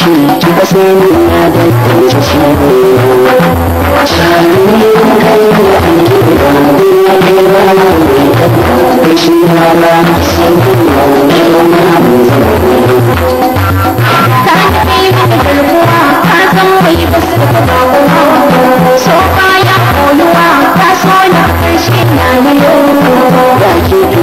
shi ki ba sai ni na da kanci shi shani ne kai ne an yi da ni na ne ba na ka ta shi na ba sai ni na ne na mu ka ne ka ta ruwa ka san wai so ka ya koyuwa ka so na karshe na ne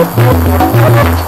Thank you.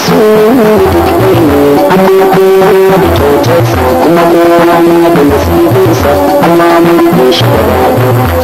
I'm su amma kowa da kyautarsa kuma kowa na da nasibarsa amma mun shi